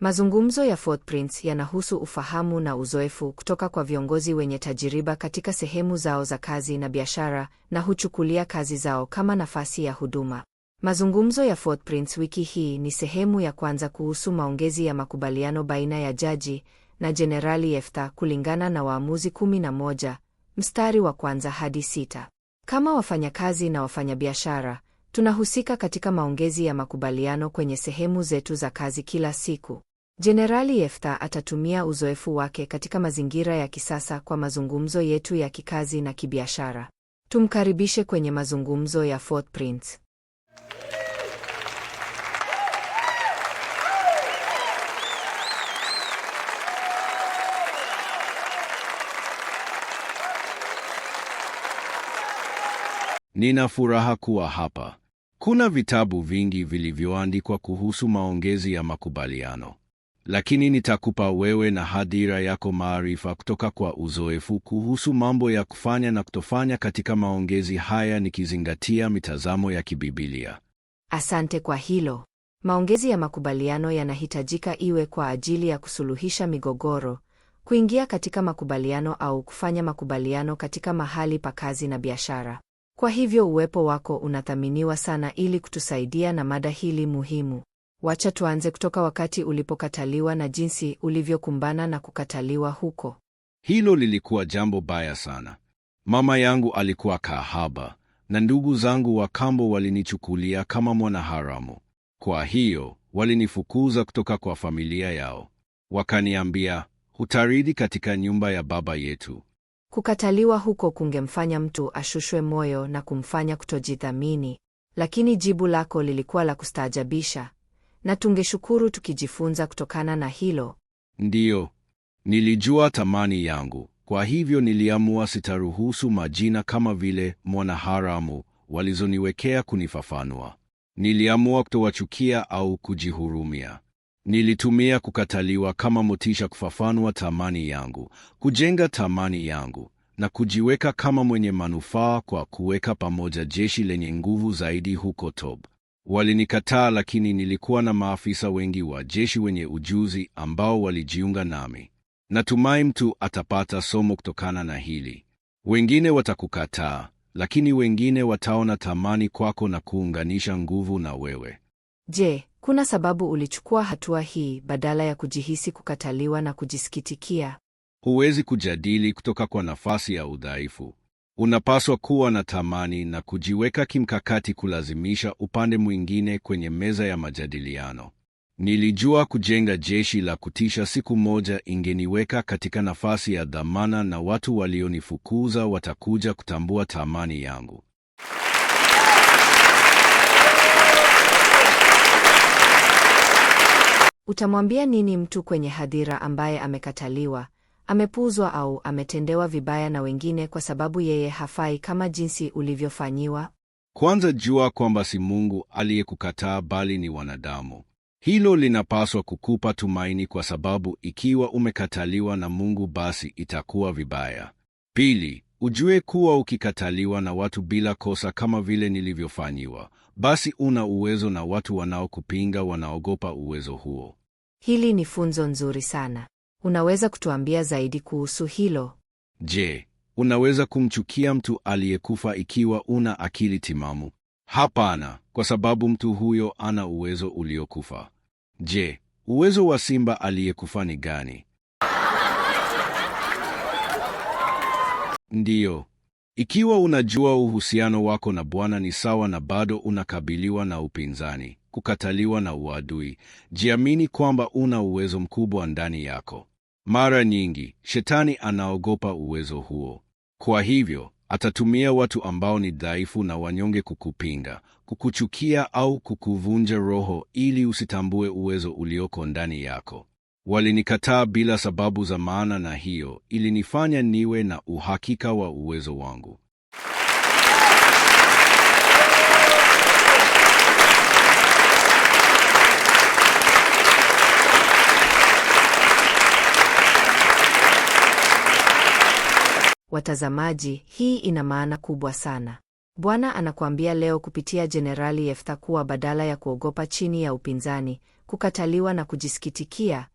Mazungumzo ya Footprints yanahusu ufahamu na uzoefu kutoka kwa viongozi wenye tajiriba katika sehemu zao za kazi na biashara na huchukulia kazi zao kama nafasi ya huduma. Mazungumzo ya Footprints wiki hii ni sehemu ya kwanza kuhusu maongezi ya makubaliano baina ya jaji na Jenerali Yeftha kulingana na Waamuzi 11 mstari wa kwanza hadi sita. Kama wafanyakazi na wafanyabiashara, Tunahusika katika maongezi ya makubaliano kwenye sehemu zetu za kazi kila siku. Jenerali Yefta atatumia uzoefu wake katika mazingira ya kisasa kwa mazungumzo yetu ya kikazi na kibiashara. Tumkaribishe kwenye mazungumzo ya Footprints. Nina furaha kuwa hapa. Kuna vitabu vingi vilivyoandikwa kuhusu maongezi ya makubaliano, lakini nitakupa wewe na hadhira yako maarifa kutoka kwa uzoefu kuhusu mambo ya kufanya na kutofanya katika maongezi haya, nikizingatia mitazamo ya kibibilia. Asante kwa hilo. Maongezi ya makubaliano yanahitajika iwe kwa ajili ya kusuluhisha migogoro, kuingia katika makubaliano au kufanya makubaliano katika mahali pa kazi na biashara. Kwa hivyo uwepo wako unathaminiwa sana ili kutusaidia na mada hili muhimu. Wacha tuanze kutoka wakati ulipokataliwa na jinsi ulivyokumbana na kukataliwa huko. Hilo lilikuwa jambo baya sana. Mama yangu alikuwa kahaba na ndugu zangu wa kambo walinichukulia kama mwanaharamu. Kwa hiyo walinifukuza kutoka kwa familia yao, wakaniambia, hutaridi katika nyumba ya baba yetu. Kukataliwa huko kungemfanya mtu ashushwe moyo na kumfanya kutojithamini, lakini jibu lako lilikuwa la kustaajabisha, na tungeshukuru tukijifunza kutokana na hilo. Ndiyo, nilijua thamani yangu, kwa hivyo niliamua sitaruhusu majina kama vile mwanaharamu walizoniwekea kunifafanua. Niliamua kutowachukia au kujihurumia. Nilitumia kukataliwa kama motisha kufafanua thamani yangu, kujenga thamani yangu na kujiweka kama mwenye manufaa kwa kuweka pamoja jeshi lenye nguvu zaidi huko Tob. Walinikataa, lakini nilikuwa na maafisa wengi wa jeshi wenye ujuzi ambao walijiunga nami. Natumai mtu atapata somo kutokana na hili. Wengine watakukataa, lakini wengine wataona thamani kwako na kuunganisha nguvu na wewe. Je, kuna sababu ulichukua hatua hii badala ya kujihisi kukataliwa na kujisikitikia. Huwezi kujadili kutoka kwa nafasi ya udhaifu. Unapaswa kuwa na tamani na kujiweka kimkakati kulazimisha upande mwingine kwenye meza ya majadiliano. Nilijua kujenga jeshi la kutisha siku moja ingeniweka katika nafasi ya dhamana na watu walionifukuza watakuja kutambua thamani yangu. Utamwambia nini mtu kwenye hadhira ambaye amekataliwa, amepuuzwa au ametendewa vibaya na wengine kwa sababu yeye hafai kama jinsi ulivyofanyiwa? Kwanza jua kwamba si Mungu aliyekukataa bali ni wanadamu. Hilo linapaswa kukupa tumaini kwa sababu ikiwa umekataliwa na Mungu basi itakuwa vibaya. Pili, Ujue kuwa ukikataliwa na watu bila kosa kama vile nilivyofanyiwa, basi una uwezo na watu wanaokupinga wanaogopa uwezo huo. Hili ni funzo nzuri sana. Unaweza kutuambia zaidi kuhusu hilo? Je, unaweza kumchukia mtu aliyekufa ikiwa una akili timamu? Hapana, kwa sababu mtu huyo ana uwezo uliokufa. Je, uwezo wa simba aliyekufa ni gani? Ndiyo, ikiwa unajua uhusiano wako na Bwana ni sawa na bado unakabiliwa na upinzani, kukataliwa na uadui, jiamini kwamba una uwezo mkubwa ndani yako. Mara nyingi shetani anaogopa uwezo huo, kwa hivyo atatumia watu ambao ni dhaifu na wanyonge kukupinga, kukuchukia au kukuvunja roho, ili usitambue uwezo ulioko ndani yako. Walinikataa bila sababu za maana, na hiyo ilinifanya niwe na uhakika wa uwezo wangu. Watazamaji, hii ina maana kubwa sana. Bwana anakuambia leo kupitia Jenerali Yeftha kuwa badala ya kuogopa chini ya upinzani, kukataliwa na kujisikitikia,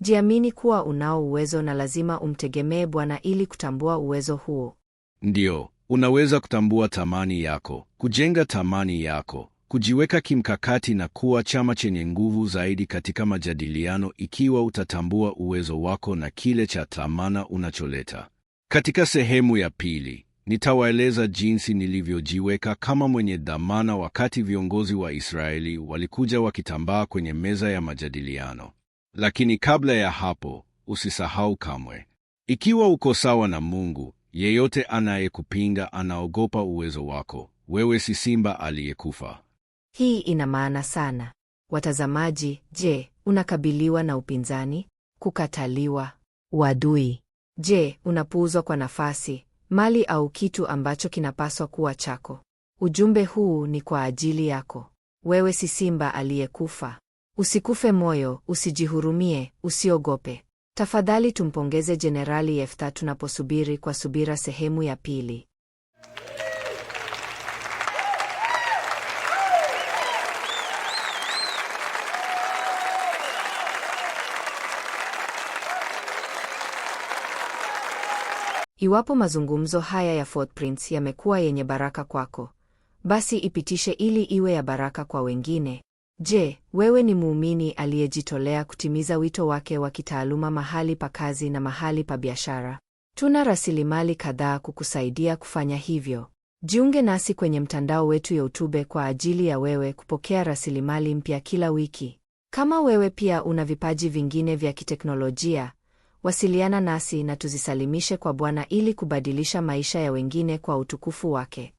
Jiamini kuwa unao uwezo na lazima umtegemee Bwana ili kutambua uwezo huo. Ndiyo, unaweza kutambua thamani yako, kujenga thamani yako, kujiweka kimkakati na kuwa chama chenye nguvu zaidi katika majadiliano ikiwa utatambua uwezo wako na kile cha thamana unacholeta. Katika sehemu ya pili, nitawaeleza jinsi nilivyojiweka kama mwenye dhamana wakati viongozi wa Israeli walikuja wakitambaa kwenye meza ya majadiliano. Lakini kabla ya hapo, usisahau kamwe, ikiwa uko sawa na Mungu, yeyote anayekupinga anaogopa uwezo wako. Wewe si simba aliyekufa. Hii ina maana sana, watazamaji. Je, unakabiliwa na upinzani, kukataliwa, uadui? Je, unapuuzwa kwa nafasi, mali au kitu ambacho kinapaswa kuwa chako? Ujumbe huu ni kwa ajili yako. Wewe si simba aliyekufa. Usikufe moyo, usijihurumie, usiogope. Tafadhali tumpongeze Jenerali Yefta tunaposubiri kwa subira sehemu ya pili. Iwapo mazungumzo haya ya Footprints yamekuwa yenye baraka kwako, basi ipitishe ili iwe ya baraka kwa wengine. Je, wewe ni muumini aliyejitolea kutimiza wito wake wa kitaaluma mahali pa kazi na mahali pa biashara? Tuna rasilimali kadhaa kukusaidia kufanya hivyo. Jiunge nasi kwenye mtandao wetu YouTube kwa ajili ya wewe kupokea rasilimali mpya kila wiki. Kama wewe pia una vipaji vingine vya kiteknolojia, wasiliana nasi na tuzisalimishe kwa Bwana ili kubadilisha maisha ya wengine kwa utukufu wake.